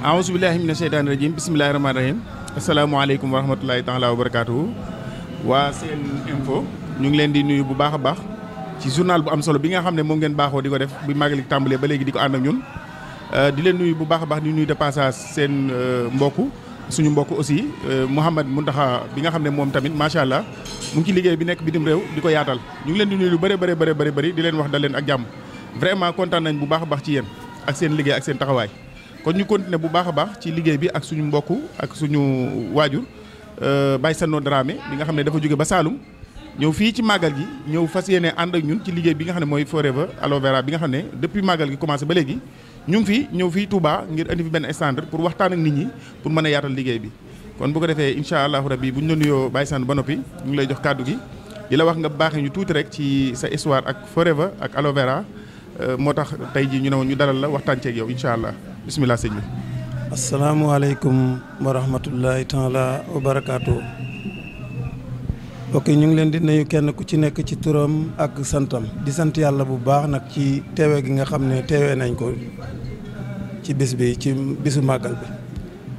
aouzu billahi mina sheytaani rajim bisimilahi rahmaani rahim asalaamaaleykum wa rahmatulahi taala wa barakaatuhu waa seen info ñu ngi leen di nuyu bu baax a baax ci journal bu am solo bi nga xam ne moom ngeen baaxoo di ko def bi màggali tàmbalee ba léegi di ko ànd ak ñun euh, di leen nuyu bu baax a baax di nuyu de passage seen euh, mbokk suñu mbokk aussi euh, Mouhamed Mountakha bi nga xam ne moom tamit macha allah mu ngi ci liggéey bi nekk bitim réew di ko yaatal ñu ngi leen di nuyu lu bëri bëri bëri bëri di leen wax dal leen ak jàmm vraiment kontaan nañ bu baax a ci yéen ak seen liggéey ak seen kon ñu continuer bu baax a baax ci liggéey bi ak suñu mbokk ak suñu waajur euh, Baye Sanno Dramé bi nga xam ne dafa jóge ba Saalum ñëw fii ci màggal gi ñëw fas yéene ànd ak ñun ci liggéey bi nga xam ne mooy Forever Aloe Vera bi nga xam ne depuis màggal gi commencé ba léegi ñu ngi fi ñëw fii Touba ngir indi fi benn stand pour waxtaan ak nit ñi pour mën a yaatal liggéey bi kon bu ko defee incha allahu rabi bu ñu la nuyoo Baye ba noppi ñu ngi lay jox kàddu gi la wax nga baaxee ñu tuuti rek ci sa histoire ak Forever ak Aloe euh, moo tax tey jii ñu ne ñu dalal la waxtaan ceeg yow incha allah bisimilah sëñ bi. asalaamualeykum wa rahmatullahi taala wa barakaatu. ok ñu ngi leen di nuyu kenn ku ci nekk ci turam ak santam di sant yàlla bu baax nag ci teewe gi nga xam ne teewee nañ ko ci bis bi ci bisu màggal bi.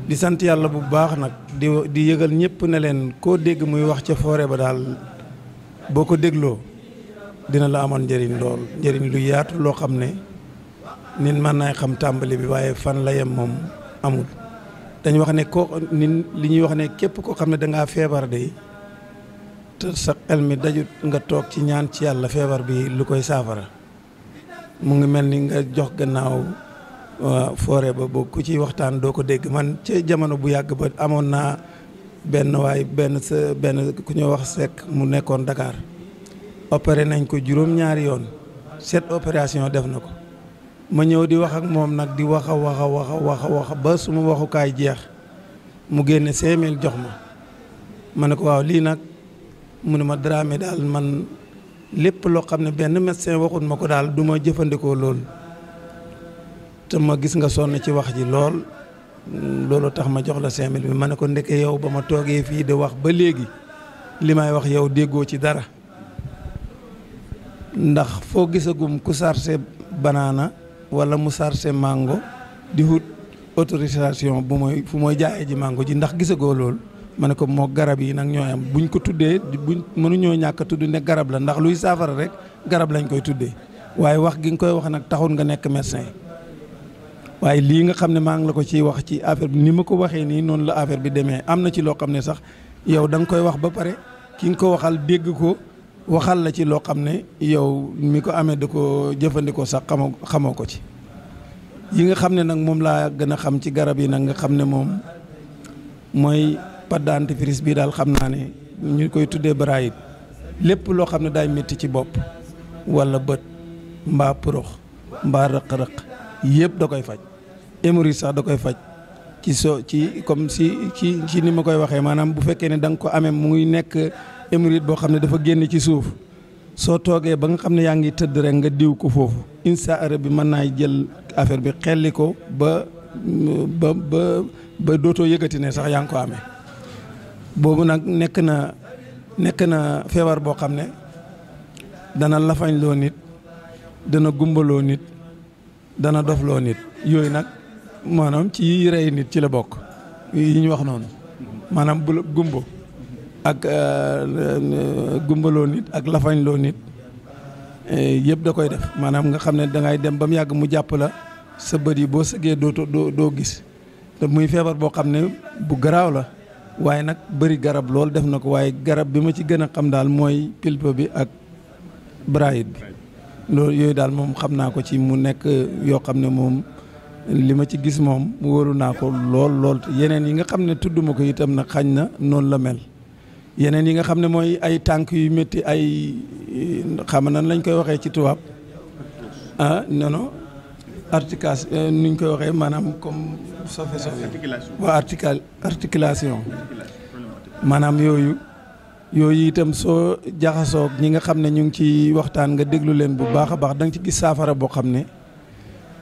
di sant yàlla bu baax nag di di yëgal ñépp ne leen koo dégg muy wax ca foore ba daal boo ko dégloo dina la amoon njëriñ lool njëriñ lu yaatu loo xam ne. nit mën naa xam tàmbali bi waaye fan la yem moom amul dañ wax ne ko nit li ñuy wax ne képp koo xam ne dangaa feebar de te sa xel mi dajut nga toog ci ñaan ci yàlla feebar bi lu koy saafara mu ngi mel ni nga jox gannaaw foore ba boo ku ci waxtaan doo ko dégg man ci jamono bu yàgg ba amoon naa benn waay benn sa benn ku ñuy wax sekk mu nekkoon Dakar opéré nañ ko juróom-ñaari yoon sept opération def na ko ma ñëw di wax ak moom nag di wax a wax a wax a wax ba suma waxukaay jeex mu génne cinq jox ma ma ne ko waaw lii nag mu ne ma Dramé daal man lépp loo xam ne benn médecin waxut ma ko daal du ma jëfandikoo loolu te ma gis nga sonn ci wax ji lool loolu tax ma jox la cinq bi ma ne ko ndeke yow ba ma toogee fii di wax ba léegi li may wax yow déggoo ci dara ndax foo gisagum ku sarse banaana wala mu sarse mango di wut autorisation bu mooy fu mooy jaayee ji mango ji ndax gisagoo loolu ma ne ko moo garab yi nag ñoo am buñ ko tuddee buñ mënuñoo ñàkk a tudd ne garab la ndax luy saafara rek garab lañ koy tuddee waaye wax gi nga koy wax nag taxul nga nekk médecin waaye lii nga xam ne maa ngi la ko ciy wax ci affaire bi ni ma ko waxee nii noonu la affaire bi demee am na ci loo xam ne sax yow da nga koy wax ba pare ki nga ko waxal dégg ko. waxal la ci loo xam ne yow mi ko amee da ko jëfandikoo sax xamoo xamoo ko ci yi nga xam ne nag moom laa gën a xam ci garab yi nag nga xam ne moom mooy pâte dentifrice bii daal xam naa ne ñu koy tuddee baraayit lépp loo xam ne daay metti ci bopp walla bët mbaa porox mbaa rëq-rëq yëpp da koy faj émori sax da koy faj ci so ci comme si ci ci ni ma koy waxee maanaam bu fekkee ne da nga ko amee muy nekk émérite boo xam ne dafa génn ci suuf soo toogee ba nga xam ne yaa ngi tëdd rek nga diw ko foofu insa arab bi mën naa jël affaire bi xelli ko ba ba ba dootoo yëkkati ne sax yaa ngi ko amee boobu nag nekk na nekk na feebar boo xam ne dana lafañloo nit dana gumbaloo nit dana dofloo nit yooyu nag maanaam ci rey nit ci la bokk yi ñu wax noonu maanaam bu gumbo ak euh, euh, gumbaloo nit ak lafañloo nit euh, yëpp da koy def maanaam nga xam ne dangay dem ba mu yàgg mu jàpp la sa bët yi boo sëggee doo doo gis te muy feebar boo xam ne bu garaaw la waaye nag bëri garab lool def na ko waaye garab bi ma ci gën a xam daal mooy pilpa bi ak braayit bi loolu yooyu daal moom xam naa ko ci mu nekk yoo xam ne moom li ma ci gis moom wóolu naa ko lool lool yeneen yi nga xam ne tudduma ko itam nag xañ na noonu la mel yeneen yi nga xam ne mooy ay tànk yuy métti ay xam nan lañ koy waxee ci tubaab ah non non articulation euh, nuñ koy waxee maanaam comme sofe sofe waa artical articulation maanaam yooyu yooyu itam soo jaxasoo ñi nga xam ne ñu ngi ci waxtaan nga déglu leen bu baax a baax danga ci gis saafara boo xam ne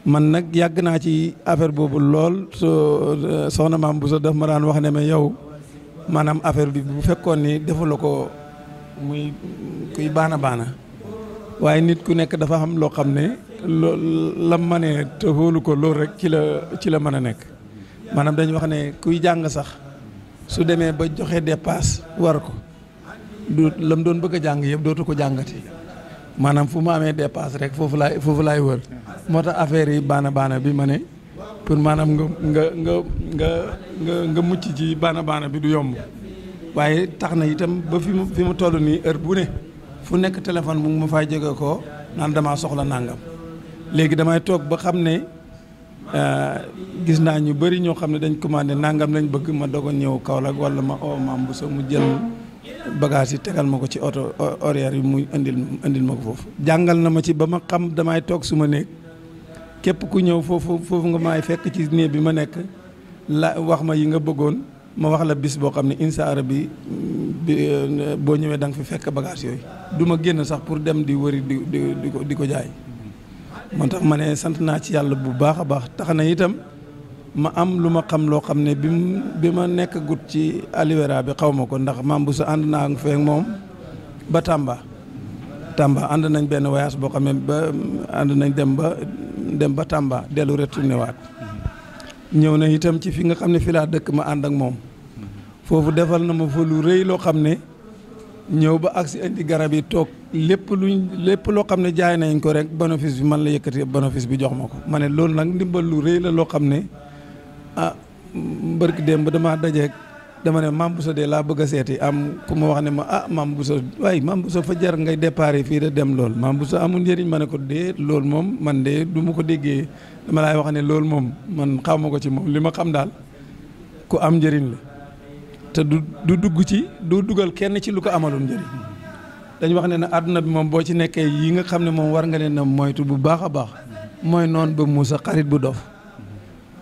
man nag yàgg naa ci affaire boobu lool soo euh, soxna maam bu sa daf ma daan wax ne ma yow maanaam affaire bi bu fekkoon ni defula ko muy kuy baana baana waaye nit ku nekk dafa xam loo xam ne loo la mënee te xóolu ko loolu rek ci la ci la mën a nekk maanaam dañu wax ne kuy jàng sax su demee ba joxe dépasse war ko du la doon bëgg jàng yëpp dootu ko jàngati maanaam fu mu amee dépasse rek foofu laay foofu laay wër moo tax affaire yi baana baana bi ma ne pour maanaam nga nga nga nga nga mucc ci baana baana bi du yomb waaye tax na itam ba fi mu fi mu toll nii heure bu ne fu nekk téléphone mu ma faa jóge koo naan damaa soxla nangam léegi damay toog ba xam ne euh, gis naa ñu bëri ñoo xam ne dañ commandé nangam lañ bëgg ma dogoon ñëw Kaolack wala ma o maam bu sa mu jël bagage yi tegal ma ko ci oto horaire yi mu indil indil ma ko foofu jàngal na ma ci ba ma xam damay toog su ma néeg képp ku ñëw foofu foofu nga may fekk ci néeg bi ma nekk la wax ma yi nga bëggoon ma wax la bis boo xam ne insa ara bi euh, boo ñëwee da nga fi fekk bagage yooyu du ma génn sax pour dem di wëri di di ko di ko jaay moo tax ma ne sant naa ci yàlla bu baax a baax tax na itam ma am lu ma xam loo xam ne bi bi ma nekk gut ci Alivera bi xaw ma ko ndax Mame Bousso ànd naa fee moom ba Tamba Tamba ànd nañ benn voyage boo xam ne ba ànd nañ dem ba dem ba Tamba dellu retourné waat ñëw nañ itam ci fi nga xam ne fi laa dëkk ma ànd ak moom foofu defal na ma fa lu rëy loo xam ne ñëw ba agsi indi garab yi toog lépp lu lépp loo xam ne jaay nañ ko rek bénéfice bi man la yëkkati bénéfice bi jox ma ko ma ne loolu nag ndimbal lu rëy la loo xam ne ah mbërki démb damaa dajeek dama ne Mame Bousso de laa bëgg seeti am ku ma wax ne ma ah Mame Bousso waaye Mame so fa jar ngay départ fii de dem lool Mame Bousso amul njëriñ ma ne ko dee loolu moom man de du ma ko déggee dama laay wax ne loolu moom man xawma ko ci moom li ma xam daal ku am njëriñ la te du du dugg ci du dugal kenn ci lu ko amalul njëriñ dañ wax ne ne àdduna bi moom boo ci nekkee yi nga xam ne moom war nga leen a moytu bu baax a baax mooy noonu ba muusa xarit bu dof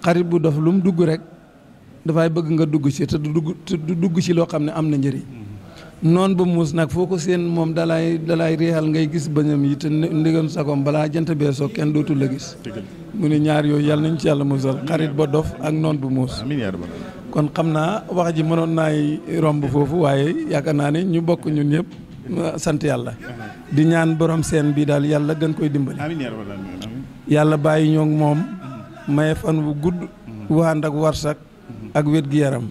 xarit bu dof lu mu dugg rek. dafay bëgg nga dugg ci te du dugg te du dugg ci loo xam ne am na njëriñ mm-hmm. noon ba muus nag foo ko seen moom dalay dalay réyal ngay gis bañam yi te ndigam sagoom balaa jant bee soog kenn dootul la gis mu ne ñaar yooyu yàlla nañ ci yàlla musal xarit ba dof ak noon bu muus kon xam naa wax ji mënoon naay romb foofu waaye yaakaar naa ne ñu bokk ñun ñëpp sant yàlla di ñaan borom seen bii daal yàlla gën koy dimbali yàlla bàyyi ñoo moom mm-hmm. maye fan wu mm-hmm. ak wér gu yaram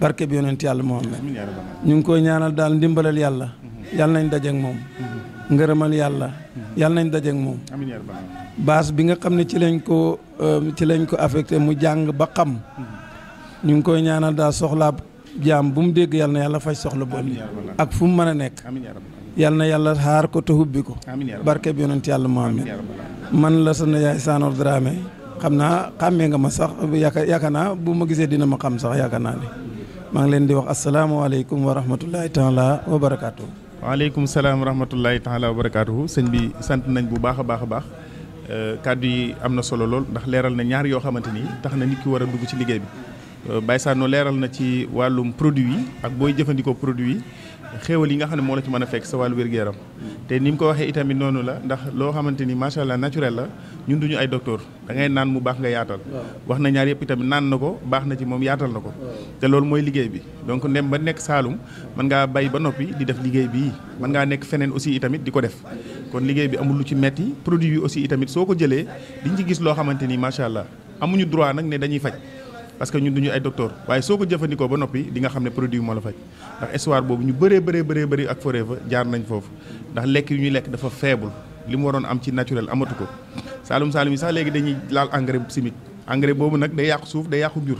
barke bi yonent yàlla Muhammad ñu ngi koy ñaanal daal ndimbalal yàlla yàlla nañ dajeek moom ngërëmal yàlla yàlla nañ dajeek moom baas bi nga xam ne ci lañ ko euh, ci lañ ko affecté mu jàng ba xam ñu ngi koy ñaanal daal soxlaa jaam bu mu dégg yàlla na yàlla faj soxla booli ak fu mu mën a nekk yàlla na yàlla xaar ko te hubbi ko barke bi yonent yàlla Muhammad man la sa na yaay Sanor Dramé xam naa xàmmee nga ma sax yaakaar yaakaar naa bu ma gisee dina ma xam sax yaakaar naa ne maa ngi leen di wax asalaamaaleykum wa rahmatulahi taala wa barakaatu. waaleykum salaam wa rahmatulahi taala wa barakaatu sëñ bi sant nañ bu baax a baax a baax euh, kàddu yi am na solo lool ndax leeral na ñaar yoo xamante ni tax na nit ki war a dugg ci liggéey bi. Euh, Baye Sano leeral na ci wàllum produit yi ak booy jëfandikoo produit yi. xéewal yi nga xam ne moo la ci mën a fekk sa wàllu wér-gu-yaram te ni mu ko waxee itamit noonu la ndax loo xamante ni macha allah naturel la ñun du ñu ay docteur da ngay naan mu baax nga yaatal wax na ñaar yëpp itamit naan na ko baax na ci moom yaatal na ko te loolu mooy liggéey bi donc ndem ba nekk Saalum mën ngaa bay ba noppi di def liggéey bi mën ngaa nekk feneen aussi itamit di ko def kon liggéey bi amul lu ci metti produit bi aussi itamit soo ko jëlee diñ ci gis loo xamante ni macha allah amuñu droit nag ne dañuy faj parce que ñun duñu ay docteur waaye soo ko jëfandikoo ba noppi di nga xam ne produit moo la faj ndax histoire boobu ñu bëree bëree bëree bëri ak Forever jaar nañ foofu ndax lekk yu ñuy lekk dafa faible li mu waroon am ci naturel amatu ko saalum saalum yi sax léegi dañuy laal engrais chimique engrais boobu nag day yàqu suuf day yàqu jur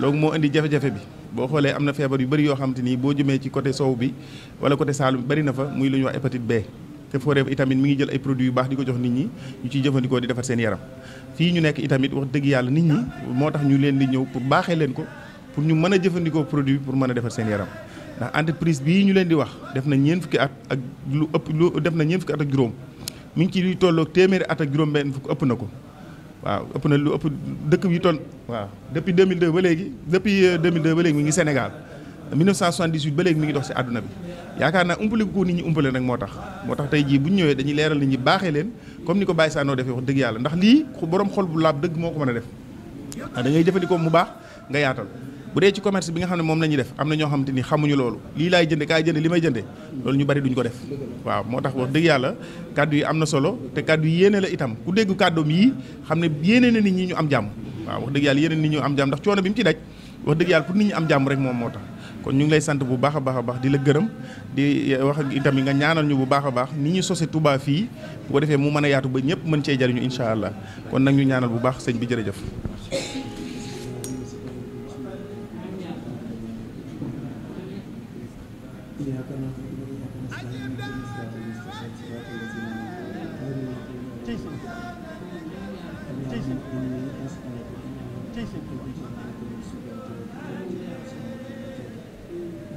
loolu moo indi jafe-jafe bi boo xoolee am na feebar yu bëri yoo xam te nii boo jëmee ci côté sow bi wala côté saalum bëri na fa muy lu ñuy wax hépatite B te Forever itamit mu ngi jël ay produits yu baax di ko jox nit ñi ñu ciy jëfandikoo di defar seen yaram fii ñu nekk itamit wax dëgg yàlla nit ñi moo tax ñu leen di ñëw pour baaxee leen ko pour ñu mën a jëfandikoo produit pour mën a defar seen yaram ndax entreprise bii ñu leen di wax def na ñeen fukki at ak lu ëpp lu def na ñeen fukki at ak juróom mi ngi ci luy tolloog téeméeri at ak juróom benn fukk ëpp na ko waaw ëpp na lu ëpp dëkk bii toll waaw depuis 2002 ba léegi depuis 2002 ba léegi mi ngi Sénégal 1978 ba léegi mi ngi dox si àdduna bi yaakaar naa umpale ko nit ñi umpale nag moo tax moo tax tey jii bu ñu ñëwee dañuy leeral nit ñi baaxee leen comme ni ko Baye Sanoo defee wax dëgg yàlla ndax lii borom xol bu laab dëgg moo ko mën a def ah da ngay jëfandikoo mu baax nga yaatal bu dee ci commerce bi nga xam ne moom la ñuy def am na ñoo xamante ni xamuñu loolu lii laay jënde kaay jënde li may jënde loolu ñu bari duñ ko def waaw moo tax wax dëgg am na solo te kàddu yi yéene la itam ku dégg kàddoom yi xam ne yéene na ñi ñu am jàmm waaw dëgg yàlla yéene nit ñi ñu am bi mu ci daj wax dëgg yàlla pour am jàmm rek moom moo tax kon ñu ngi lay sant bu baax a baax a baax di la gërëm di wax ak itam nga ñaanal ñu bu baax a baax ni ñu sose Touba fii bu ko defee mu mën a yaatu ba ñëpp mën cee jariñu incha allah kon nag ñu ñaanal bu baax sëñ bi jërëjëf.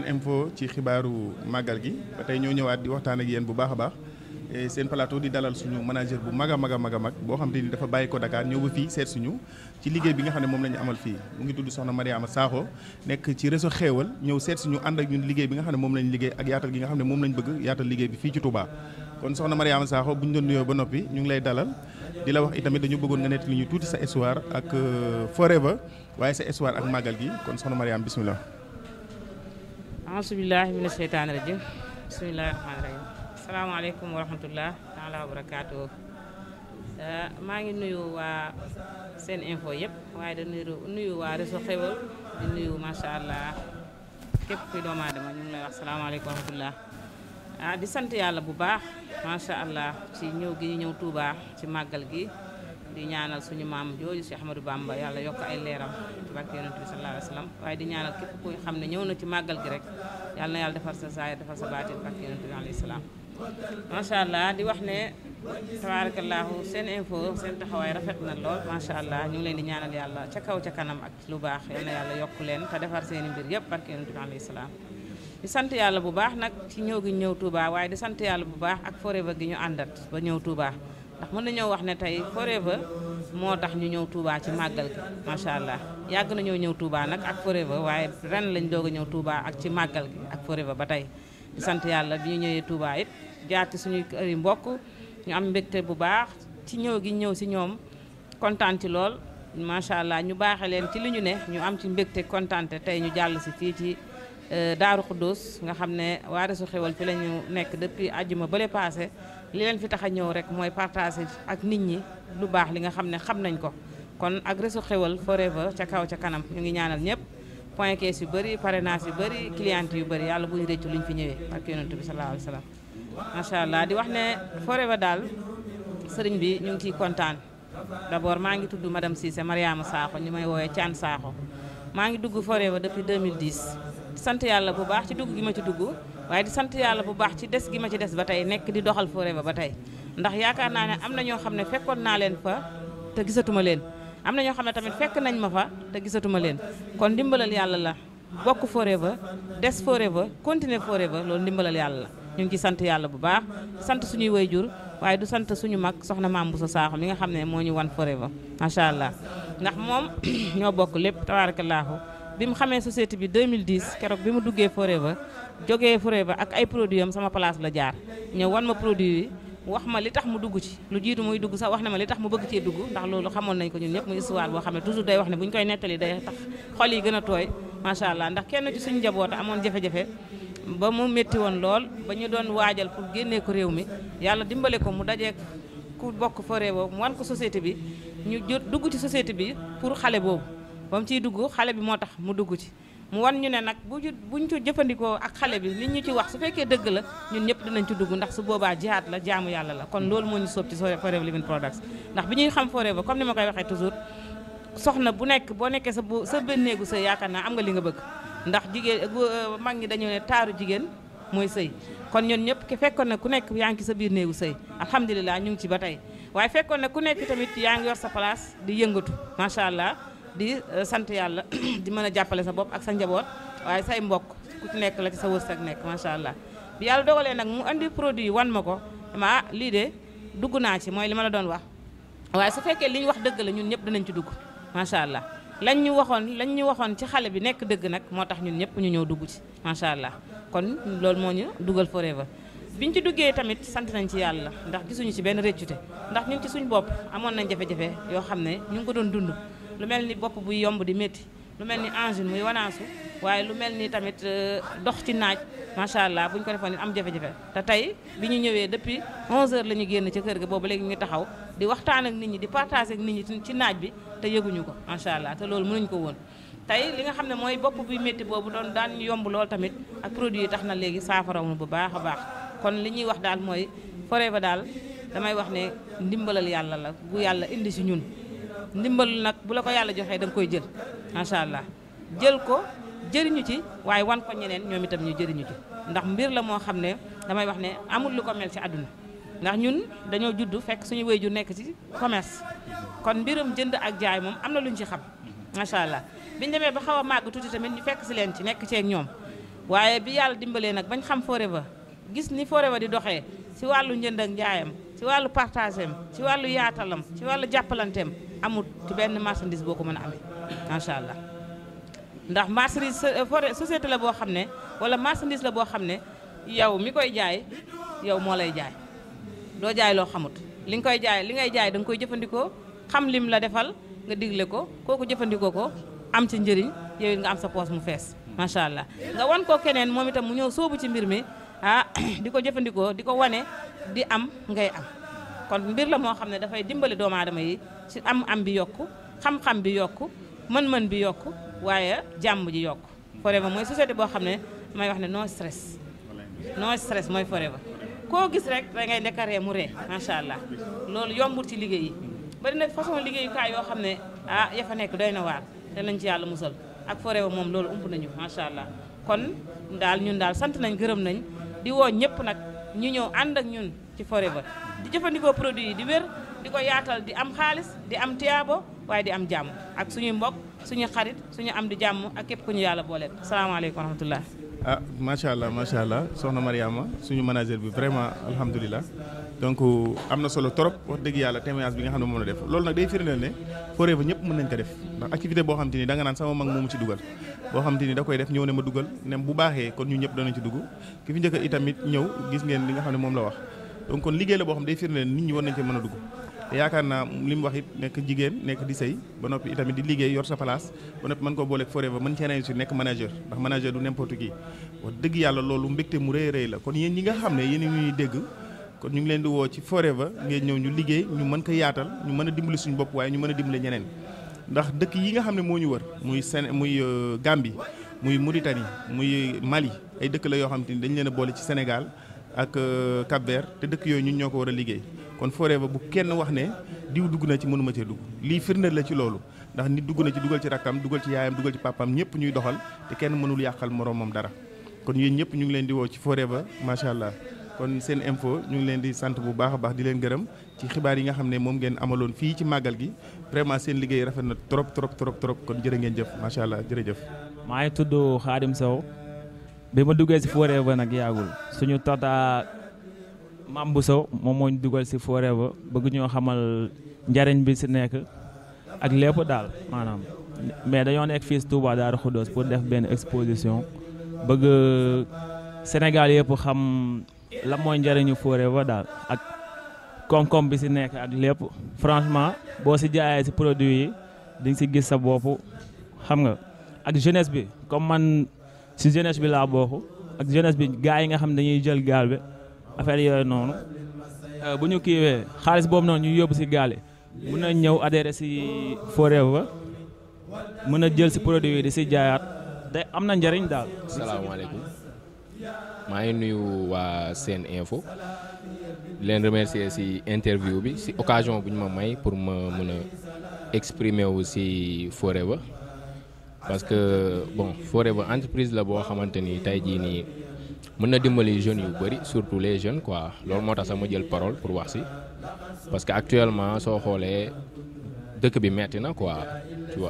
seen info ci xibaaru màggal gi ba tey ñoo ñëwaat di waxtaan ak yéen bu baax a baax seen plateau di dalal suñu manager bu mag mag mag a boo xam te ni dafa bàyyi ko Dakar ñëw ba fii seet suñu ci bi nga xam ne moom la ñu amal fii mu ngi tudd soxna Mariama Sakho nekk ci réseau xeewal ñëw seet suñu ànd bi nga xam ne moom lañ liggéey ak yaatal gi nga xam ne moom lañ bëgg yaatal liggéey bi fii ci Touba kon soxna Mariama Sakho bu ñu doon nuyoo ba noppi ñu ngi lay dalal di la wax itamit dañu bëggoon nga nettali ñu tuuti sa histoire ak euh, Forever waaye sa histoire ak magal gi kon soxna Mariama bismillah aasubillahi mina sheytaani rajim bisimilahi rahmaani rahim asalaamaaleykum wa rahmatullah taala uh, maa ngi nuyu waa seen info yëpp waaye da nuyu waa réseau xewal di nuyu macha allah képp kuy doomu aadama ñu ngi wax salaamaaleykum wa rahmatullah ah uh, di sant yàlla bu baax macha allah ci ñëw gi ñëw tuubaa ci màggal gi di ñaanal suñu maam jooju si Ahmadou Bamba yàlla yokk ay leeram ci barke yonent bi sallallahu alayhi waaye di ñaanal képp kuy xam ne ñëw na ci màggal gi rek yàlla na yàlla defar sa saaya defar sa baatin barke yonent bi salaam macha allah di wax ne tabaarakallaahu seen info seen taxawaay rafet na lool macha allah ñu ngi leen di ñaanal yàlla ca kaw ca kanam ak lu baax yàlla yokk leen te defar seen mbir yëpp barke yonent bi alayhi sant yàlla bu baax nag ci ñëw gi ñëw Touba waaye di sant yàlla bu baax ak forever ñu àndat ba ñëw ndax mën nañoo wax ne tey forever moo tax ñu ñëw Touba ci màggal gi macha allah yàgg nañoo ñëw Touba nag ak forever waaye ren lañ doog a ñëw Touba ak ci màggal gi ak forever ba tey di sant yàlla bi ñu ñëwee Touba it jaar ci suñuy kër mbokk ñu am mbégte bu baax ci ñëw gi ñëw si ñoom kontaan ci lool macha allah ñu baaxe leen ci li ñu ne ñu am ci mbégte kontaante tey ñu jàll si fii ci euh, Daaru Xuddoos nga xam ne waare su xewal fi lañu nekk depuis àjjuma bële li leen fi tax a ñëw rek mooy partager ak nit ñi lu baax li nga xam ne xam nañ ko kon ak réseau xéwal forever ca kaw ca kanam ñu ngi ñaanal ñëpp point caisse yu bëri parrainage yu bëri client yu bëri yàlla buy rëccu luñ fi ñëwee ak yonent bi sallallahu alayhi wasallam macha allah di wax ne forever daal sëriñ bi ñu ngi ciy kontaan d'abord maa ngi tudd madame Cissé Mariama Sakho ñu may woowee caan Sakho maa ngi dugg forever depuis sant yàlla bu baax ci dugg gi ma ci dugg waaye di sant yàlla bu baax ci des gi ma ci des ba tey nekk di doxal Forever ba tey ndax yaakaar naa ne am na ñoo xam ne fekkoon naa leen fa te gisatuma leen am na ñoo xam ne tamit fekk nañ ma fa te gisatuma leen kon ndimbalal yàlla la bokk Forever des Forever continuer Forever loolu ndimbalal yàlla la ñu ngi ci sant yàlla bu baax sant suñuy jur waaye du sant suñu mag soxna maam Bousso Sakho mi nga xam ne moo ñu wan Forever macha allah ndax moom ñoo bokk lépp tabaarakallaahu bi mu bi 2010 keroog bi mu duggee Forever jóge jógee Forever ak ay produit am sama place la jaar ñëw wan ma produit yi wax ma li tax mu dugg ci lu jiitu muy dugg sax wax na ma li tax mu bëgg cee dugg ndax xamoon nañ ko ñun ñëpp muy histoire boo xam ne toujours day koy nettali day tax xol yi gën a tooy macha allah ndax kenn ci suñu njaboot amoon jafe ba mu métti woon lool ba ñu doon waajal pour génnee ko réew mi yàlla dimbale ko mu dajeek ku bokk Forever mu wan ko société bi ñu jot dugg ci société bi pour xale boobu ba mu ciy dugg xale bi moo tax mu dugg ci mu wan ñu ne nag bu buñ ci jëfandikoo ak xale bi li ñu ci wax su fekkee dëgg la ñun ñëpp dinañ ci dugg ndax su boobaa jihaat la jaamu yàlla la kon loolu moo ñu soob ci Forever Living Products ndax bi ñuy xam Forever comme ni ma koy waxee toujours soxna bu nekk boo nekkee sa bu sa benn néegu sëy yaakaar naa am nga li nga bëgg ndax jigéen euh, mag ñi dañu ne taaru jigéen mooy sëy kon ñun ñëpp ki fekkoon na ku nekk yaa sa biir néegu sëy alhamdulilah ñu ngi ci ba tey waaye fekkoon na ku nekk tamit yaa ngi yor sa place di yëngatu macha allah di eh, sant yàlla di mën a jàppale sa bopp ak sa njaboot waaye say mbokk ku ci nekk la ci sa wërsëg nekk macha allah bi yàlla dogalee nag mu andi produit yi wan ma ko dama ah lii de dugg naa ci mooy li ma la doon wax waaye su fekkee li ñu wax dëgg la ñun ñëpp dinañ ci dugg macha allah lañ ñu waxoon lañ ñu waxoon ci xale bi nekk dëgg nag moo tax ñun ñëpp ñu ñëw dugg ci macha allah kon loolu moo ñu dugal forever ñu ci duggee tamit sant nañ ci yàlla ndax gisuñu ci benn réccute ndax ñun ci suñu bopp amoon nañ jafe-jafe yoo xam ne ñu ngi ko doon dund lu mel ni bopp buy yomb di métti lu mel ni angine muy wanaasu waaye lu mel ni tamit euh, dox ci naaj macha allah bu ñu ko defoon am jafe te tey bi ñu ñëwee depuis 11h la ñu génn ca kër ga boobu léegi ñu taxaw di waxtaan ak nit ñi di partager ak nit ñi ci naaj bi te yëguñu ko macha allah te loolu mënuñ ko woon. tey li nga xam ne mooy bopp buy métti boobu doon daan yomb lool tamit ak produit yi tax na léegi saafarawu bu baax a baax kon li ñuy wax daal mooy Forever daal damay wax ne ndimbalal yàlla la bu yàlla indi si ñun. ndimbal nag bu la ko yàlla joxee da koy jël macha allah jël ko jëriñu ci waaye wan ko ñeneen ñoom itam ñu jëriñu ci ndax mbir la moo xam ne damay wax ne amul lu ko mel ci àdduna ndax ñun dañoo juddu fekk suñu waajur nekk ci commerce kon mbiram jënd ak jaay moom am na lu luñ ci xam macha allah bi ñu demee ba xaw a màgg tuuti tamit ñu fekk si leen ci nekk ceeg ñoom waaye bi yàlla dimbalee nag bañ xam Forever gis ni Forever di doxee si wàllu njënd ak njaayam si wàllu partageem si wàllu yaatalam si wàllu jàppalanteem amut ci benn marchandise boo ko mën a amee macha allah ndax marchandise eh, société la boo xam ne wala marchandise la boo xam ne yow mi koy jaay yow moo lay jaay doo jaay loo xamut li nga koy jaay li ngay jaay da nga koy jëfandikoo xam lim la defal nga digle ko kooku jëfandikoo ko am ci njëriñ yow it nga am sa poos mu fees macha allah nga wan koo keneen moom itam mu ñëw soobu ci mbir mi ah di ko jëfandikoo di ko wane di am ngay am kon mbir la moo xam ne dafay dimbali doomu aadama yi ci am-am bi yokku xam-xam bi yokk mën-mën bi yokk waaye jàmb ji yokk forever mooy société boo xam ne may wax ne no stress no stress mooy forever koo gis rek da ngay nekkaree mu ree macha allah loolu yombul ci liggéey yi bari na façon liggéeyukaay yoo xam ne ah ya fa nekk doy na waar te lañ ci yàlla musal ak forever moom loolu ump nañu macha allah kon daal ñun daal sant nañ gërëm nañ di woo ñëpp nag ñu ñëw ànd ak ñun ci forever di jëfandikoo produit yi di wér di ko yaatal di am xaalis di am tiyaabo waaye di am jàmm ak suñuy mbokk suñu xarit suñu am di jàmm ak képp ku ñu yàlla booleel salaamaaleykum wa rahmatullah ah macha allah macha allah soxna Mariama suñu manager bi vraiment alhamdulilah donc am na solo trop wax dëgg yàlla témoignage bi nga xam ne moom la def loolu nag day firndeel ne forever ñëpp mën nañ ko def ndax activité boo xam te ni danga naan sama mag moom ci dugal boo xam te ni da koy def ñëw ne ma dugal nem bu baaxee kon ñu ñëpp danañ ci dugg ki fi njëkk itamit gis ngeen li nga xam ne moom la wax donc kon liggéey la boo xam day firndeel nit ñi war nañ ci mën a dugg te yaakaar naa li mu it nekk jigéen nekk di sëy ba noppi itamit di liggéey yor sa place ba noppi mën koo booleeg forever mën cee réussir nekk manager ndax manager du n'importe qui wax dëgg yàlla loolu mbégte mu rëy rëy la kon yéen ñi nga xam ne yéen ñuy dégg kon ñu ngi leen di woo ci forever ngeen ñëw ñu liggéey ñu mën ko yaatal ñu mën a dimbali suñu bopp waaye ñu mën a dimbali ñeneen ndax dëkk yi nga xam ne moo ñu wër muy Séné muy euh, Gambie muy Mauritanie muy Mali ay dëkk la yoo xam ni dañ leen a boole ci Sénégal ak euh, Cap Vert te dëkk yooyu ñun ñoo ko war a liggéey kon Forever bu kenn wax ne diw dugg na ci mënuma cee dugg lii firnde la ci loolu ndax ni dugg na ci dugal ci rakkam dugal ci yaayam dugal ci papaam ñëpp ñuy doxal te kenn mënul yàqal moroomam dara kon yéen ñëpp ñu ngi leen di woo ci Forever macha allah kon seen info ñu ngi leen di sant bu baax a baax di leen gërëm ci xibaar yi nga xam ne moom ngeen amaloon fii ci màggal gi vraiment seen liggéey rafet na trop trop trop trop kon ngeen jëf macha allah jërëjëf. bi ma duggee si Forever nag yaagul suñu tata Mame bu Sow moom moo ñu dugal si Forever bëgg ñoo xamal njariñ bi si nekk ak lépp daal maanaam mais dañoo nekk fii si Touba Darou Khoudoss pour def benn exposition bëgg Sénégal yëpp xam la mooy njariñu Forever daal ak koom-koom bi si nekk ak lépp franchement boo si jaayee si produit yi di si gis sa bopp xam nga ak jeunesse bi comme man. si jeunesse bi laa bokk ak jeunesse bi gars yi nga xam dañuy jël gaal bi affaire yooyu noonu euh, bu ñu kiiwee xaalis boobu noonu ñu yóbbu si gaal mun na ñëw adhéré si Forever mën a jël si produit yi di si jaayaat day am na njariñ daal. salaamaaleykum maa ngi nuyu waa seen Info leen remercier si interview bi si occasion bu ñu ma may pour ma mën a exprimer wu si Forever. parce que bon Forever entreprise la boo xamante ni tey jii nii mën na dimbali jeunes yu bëri surtout les jeunes quoi loolu moo tax sama jël parole pour wax si parce que actuellement soo xoolee dëkk bi metti na quoi tu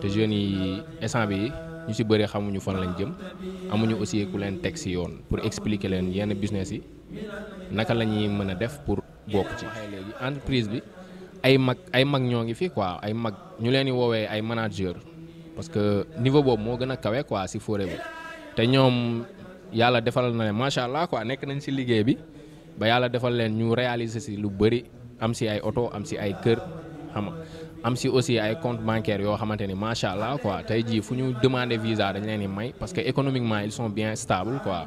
te jeunes yi instant bi ñu si bëri xamuñu fan lañ jëm amuñu aussi ku leen teg si yoon pour expliquer leen yenn business yi naka la ñuy mën a def pour bokk ci. léegi entreprise bi ay mag ay mag ñoo ngi fi quoi ay mag ñu leen di woowee ay manager parce que niveau boobu moo gën a kawe quoi si forêt bi te ñoom yàlla defalal na leen macha allah quoi nekk nañ si liggéey bi ba yàlla defal leen ñu réaliser si lu bëri am si ay oto am si ay kër xam am si aussi ay compte bancaire yoo xamante ni macha allah quoi tey jii fu ñu demande visa dañ leen di may parce que économiquement ils sont bien stables quoi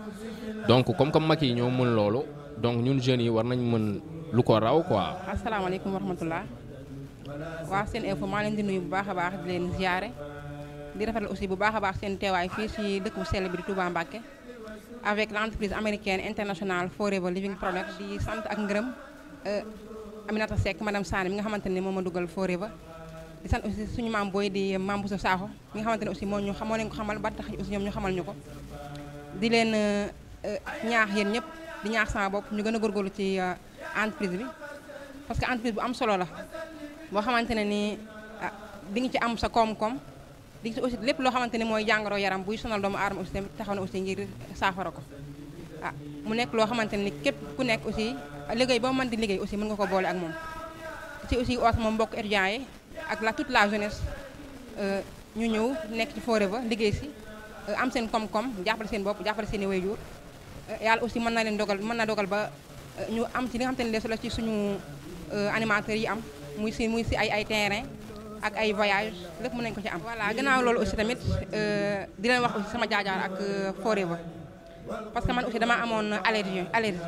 donc comme comme mag yi ñoo mën loolu donc ñun jeunes yi war nañ mën lu ko raw quoi. asalaamaaleykum wa di rafetlu aussi bu baax a baax seen teewaay fii ci dëkk bu sell bi di Touba Mbacké avec l' entreprise américaine internationale Forever Living Product di sant ak ngërëm euh, Aminata ma madame Sane mi nga xamante ni moom ma dugal Forever di sant aussi suñu maam booy di maam Bousso Sakho mi nga xamante ne aussi moo ñu moo leen ko xamal ba tax aussi ñoom ñu xamal ñu ko di leen euh, ñaax yéen ñëpp di ñaax sama bopp ñu gën a góorgóorlu ci euh, entreprise bi parce que entreprise bu am solo la boo xamante ne ni ah, di nga ci am sa koom di aussi lépp loo xamante ni mooy jàngoro yaram buy sonal doomu aadama aussi tamit taxaw na aussi ngir saafara ko ah mu nekk loo xamante ni képp ku nekk aussi liggéey boo mën di liggéey aussi mën nga ko boole ak moom ci aussi oos moom mbokk et étudiants yi ak la toute la jeunesse euh, ñu ñëw nekk ci Forever liggéey si euh, am seen koom-koom jàppale seen bopp jàppale seen i waajur euh, yàlla aussi mën na leen dogal mën na dogal ba ñu am ci li nga xamante ni les la ci suñu animateurs yi am muy si muy si ay ay terrain ak ay voyage lépp mën nañ ko ci am. voilà gannaaw loolu aussi tamit euh, di wax aussi sama jaajaar ak euh, forever parce que man aussi dama amoon allergie allergie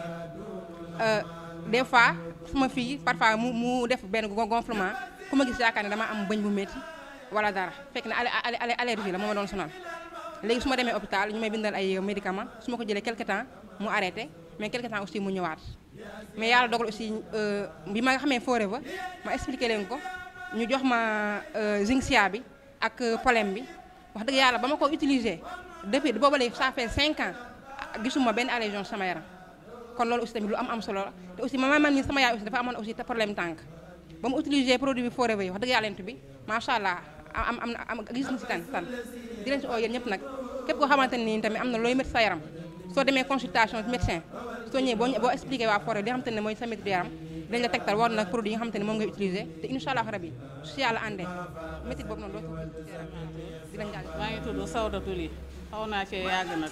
euh, des fois ma fii parfois mu mu def benn gonflement ku ma gis yaakaar ne dama am bëñ bu métti wala dara fekk na allergie la moo ma doon sonal léegi su ma demee hôpital ñu may bindal ay médicament su ma ko jëlee quelque temps mu arrêté mais quelque temps aussi mu ñëwaat mais yàlla dogal aussi bi ma xamee forever ma expliqué leen ko. ñu jox ma euh, Zincia bi ak euh, polem bi wax dëgg yàlla ba ma ko utilisé depuis booba léegi ça fait cinq ans gisuma benn allégeance sama yaram kon loolu aussi tamit lu am am solo te aussi man man ni sama yaay aussi dafa amoon aussi problème tànk ba mu utilisé produit bi Forever yi wax dëgg yàlla bi macha allah am am am gis na si tan tan di leen si oo yéen ñëpp nag képp koo xamante nii tamit am na looy métti sa yaram soo demee consultation médecin soo ñëwee boo boo expliqué waa mooy sa métti dañ la tegtal war na produit yi nga xamante ne moom ngay utiliser te incha allah rabi su yàlla àndee métit boobu noonu doo ko dinañ daal xaw naa yàgg nag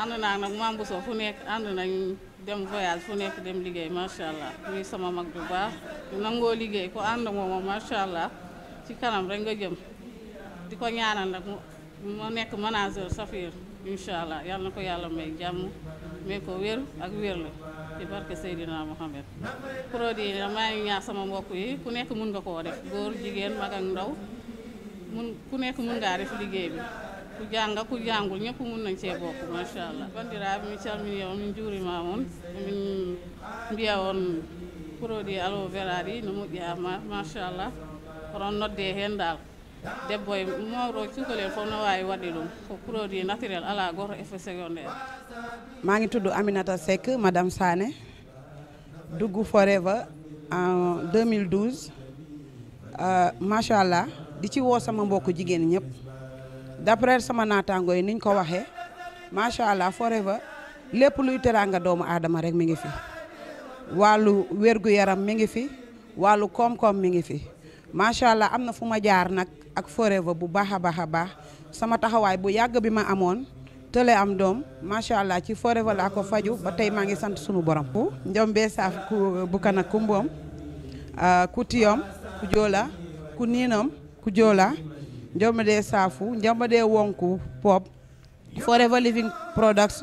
ànd naa nag maam Bousso fu nekk ànd nañ dem voyage fu nekk dem liggéey macha allah muy sama mag bu nangoo liggéey ko ànd moom macha allah ci kanam rek nga jëm di ko ñaanal nag mu nekk manager Safir incha allah yàlla na ko yàlla may jàmm may ko wér ak wér ci barke Seydina produit yi nag maa sama mbokk yi ku nekk mun nga koo def góor jigéen mag ndaw mun ku nekk mun ngaa def liggéey bi ku jàng ku jàngul ñëpp mun nañ cee bokk macha allah bandiraaɓe mi calminii on min njuurimaa on min mbiya on produit aloe vera ɗi no moƴƴi ha machallah oɗon noddee heen daal debbo e mawro cukalel fof no wawi waɗde ɗum ko produit naturel ala goto effet secondaire ma gui tudd aminata seck madame sané dugg forever en 2012 uh, machallah di ci woo sama mbokk jigéen ñëpp d'après sama naataango yi niñ ko waxee machallah forever lépp luy teraanga doomu aadama rek mi ngi fi wàllu wérgu yaram mi ngi fi wàllu koom-koom mi ngi fi macha allah am na fu ma jaar nag ak Forever bu baax a baax a baax sama taxawaay bu yàgg bi ma amoon tële am doom macha allah ci Forever laa ko faju ba tey maa ngi sant sunu borom. bu Njombe saaf ku Bukana ku Mbom ku Tiyom ku Joola ku Niinom ku Joola Njombe saafu Njombe wonku pop Forever Living Products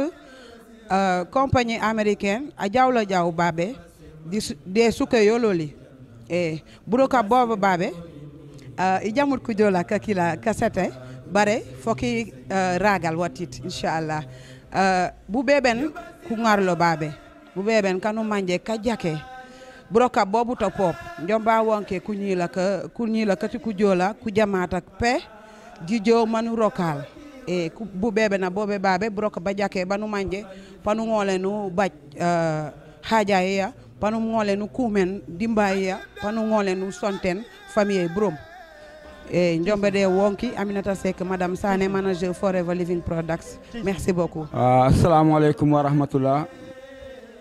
compagnie américaine a jawla baabe di des yololi e eh, ɓuuro eh, eh, ka booba baaɓe e kakila kasete bare foki ragal wattit inchallah ɓuɓe ɓen kugarlo baaɓe ɓuɓe ɓen kanu manje ka jake ɓuuro ka boobu to kati kujola kujamata pe jijo manu rokal e ɓuɓeɓe na boɓe baaɓe ɓuuro ka ba jake ɓanu haaja yeya panuŋoolenu kuumen dimbayiya panuŋoolenu sonten famille burom e jombede wonki aminata sek madame sané manager forever living products merci beaucoup ah, asalaamaaleykum wa rahmatullah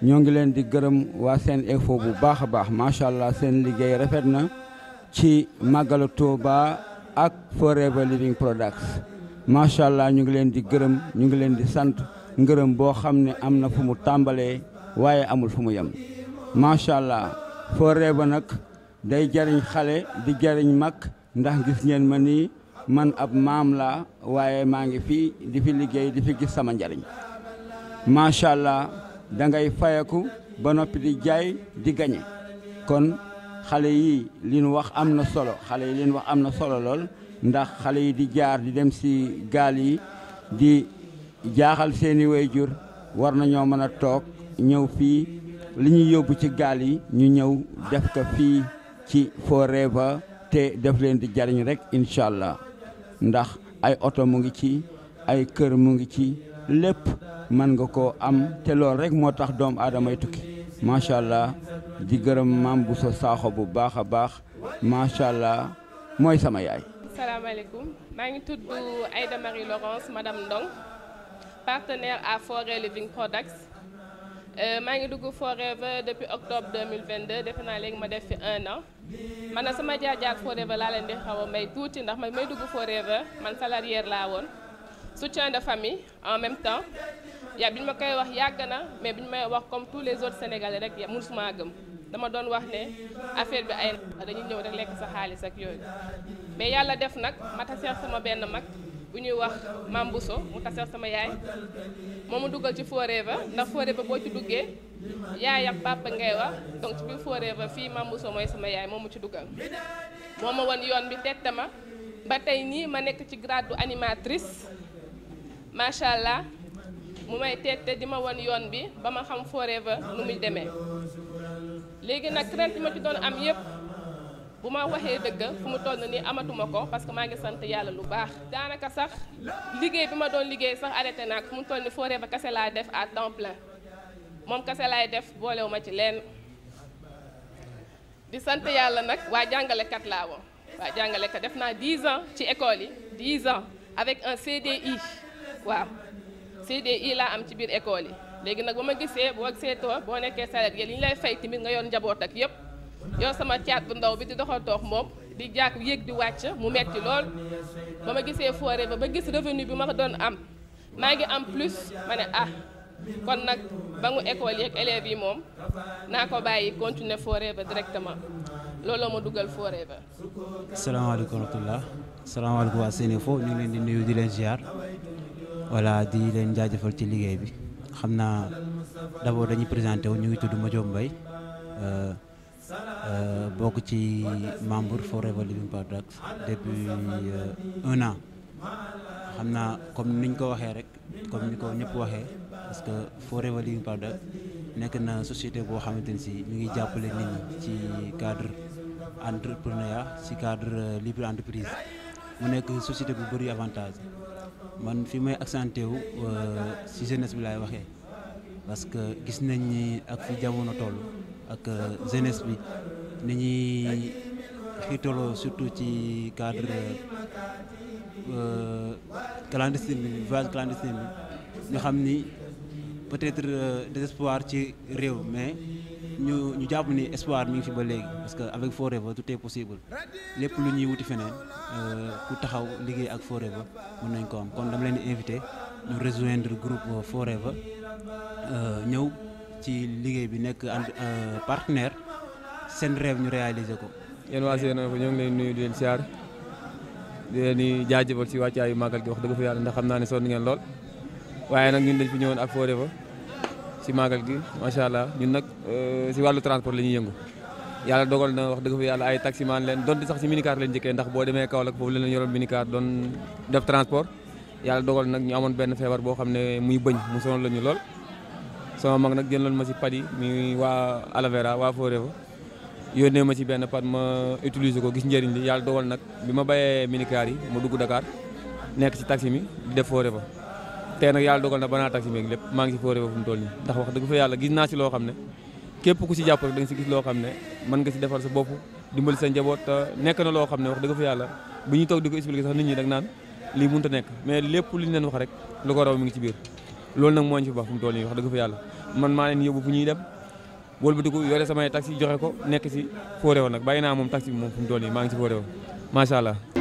ñoo ngi leen di gërëm waa seen info bu baax a baax macha allah seen liggéey rafet na ci màggalu Tuuba ak forever living products macha allah ñu ngi leen di gërëm ñu ngi leen di sant ngërëm boo xam ne am na fu mu tàmbalee waaye amul fu mu yem macha allah forêt ba nag day jariñ xale di jariñ mag ndax gis ngeen ma nii man ab maam laa waaye maa ngi fii di fi liggéey di fi gis sama njariñ macha allah da ngay fayaku ba noppi di jaay di gañe kon xale yi li ñu wax am na solo xale yi li wax am na solo lool ndax xale yi di jaar di dem si gaal yi di jaaxal seeni jur war nañoo mën a toog ñëw fii li ñuy yóbbu ci gaal yi ñu ñëw def ko fii ci Forever te def leen di jariñ rek incha allah ndax ay oto mu ngi ci ay kër mu ngi ci lépp mën nga ko am te loolu rek moo tax doomu aadamay tukki macha allah di gërëm maam bu sa saaxo bu baax a baax macha allah mooy sama yaay. Euh, maa ngi dugg Forever depuis octobre 2022 defe naa léegi ma def fi un an man na sama jaar-jaar Forever laa leen di xaw a may tuuti ndax man may dugg Forever man salarié laa woon soutien de famille en même temps yaa bi ñu ma koy wax yàgg na mais bi ñu may wax comme tous les autres sénégalais rek su mënusuma gëm dama doon wax ne affaire bi ay dañu ñëw rek lekk sa xaalis ak yooyu mais yàlla def nag ma taseex sama benn mag bu ñuy wax Mam Bousso mu taseel sama yaay moom mu dugal ci Forever ndax Forever boo ci duggee yaayam papa ngay wax donc ci biir Forever fii Mam Bousso mooy sama yaay moom mu ci dugal moo ma won yoon bi tette ma ba tey nii ma nekk ci grade animatrice macha allah mu may tette di ma won yoon bi ba ma xam Forever nu muy demee léegi nag crainte ma ci doon am yépp bu ma waxee dëgg fu mu toll nii amatuma ko parce que maa ngi sant yàlla lu baax. daanaka sax liggéey bi ma doon liggéey sax arrêté naa ko fu mu toll nii Forever kese laa def à temps plein moom kese laay def boolewuma ci leen di sant yàlla nag waa jàngalekat laa woon waa jàngalekat def naa 10 ans ci école yi 10 ans avec un CDI waaw CDI laa am ci biir école yi léegi nag ba ma gisee boo seetoo boo nekkee salaire yi li ñu lay fay tamit nga yoon njaboot ak yëpp. yow sama caat bu ndaw bi di doxantoox moom di jàkk yéeg di wàcc mu metti lool ba ma gisee foore ba gis revenu bi ma ko doon am maa ngi am plus ma ne ah kon nag ba mu école yeeg élèves yi moom naa ko bàyyi continuer foore ba directement looloo ma dugal foore ba. salaamaaleykum wa rahmatulah salaamaaleykum waa leen di nuyu di leen ziar voilà di leen jaajëfal ci liggéey bi xam naa d'abord dañuy présenté wu ñu ngi tudd Madiop Mbaye. Euh, Euh, bokk ci membre Forever Living Paradise depuis euh, un an xam naa comme niñ ko waxee rek comme ni ko ñëpp waxee parce que Forever Living nekk na société boo xamante ni si ñu ngi jàppale nit ñi ci cadre entrepreneuriat ci cadre euh, libre entreprise mu nekk société bu bëri avantage man fi may accenté wu si jeunesse bi laay waxee parce que gis nañ ni ak fi jamono tool ak euh, jeunesse bi ni ñuy xiitaloo surtout ci cadre euh, clandestine bi voyage clandestine xam ni peut-être euh, désespoir ci réew mais ñu ñu jàpp ni espoir mi ngi fi ba léegi parce que avec Forever tout est possible lépp lu ñuy wuti feneen ku taxaw liggéey ak Forever mën nañ koom kon dama leen di invité ñu rejoindre groupe Forever ñëw. ci liggéey bi nekk euh, partenaire seen rêve ñu réaliser ko. yéen waa Sénégal ñoo ngi leen nuyu di leen siyaar di leen di jaajëfal si ay màggal gi wax dëgg fa yàlla ndax xam naa ne sonn ngeen lool waaye nag ñun dañ fi ñëwoon ak Forever si màggal gi macha allah ñun nag si euh, wàllu transport la ñuy yëngu. yàlla dogal na wax dëgg yàlla ay taximan leen doon di sax si minicar leen njëkkee ndax boo demee Kaolack foofu leen yoroon minicar doon def transport yàlla dogal nag ñu amoon benn feebar boo xam ne muy bëñ mu sonal la ñu lool. sama mag nag jëloon ma si pad yi mi waa aloe vera waa Forever yónnee ma si benn pad ma utiliser ko gis njëriñ li yàlla dogal nag bi ma bayee minicar yi ma dugg Dakar nekk si taxi mi di def Forever tey nag yàlla dogal na banaa taxi mi lépp maa ngi si Forever fu mu toll nii ndax wax dëgg fa yàlla gis naa si loo xam ne képp ku si jàpp rek da nga si gis loo xam ne mën nga si defar sa bopp dimbali sa njaboot nekk na loo xam ne wax dëgg fa yàlla bu ñuy toog di ko expliquer nit ñi dag naan lii mënut a nekk mais lépp li ñu leen wax rek lu ko raw ngi ci biir loolu nag moo ñu fi ba fu mu toll fa yàlla man maa leen yóbbu fu ñuy dem wëlbatiku yore samay taxi joxe ko nekk si fóore woon nag bàyyi naa moom taxi bi moom fu mu toll maa ngi si fóore woon macha allah.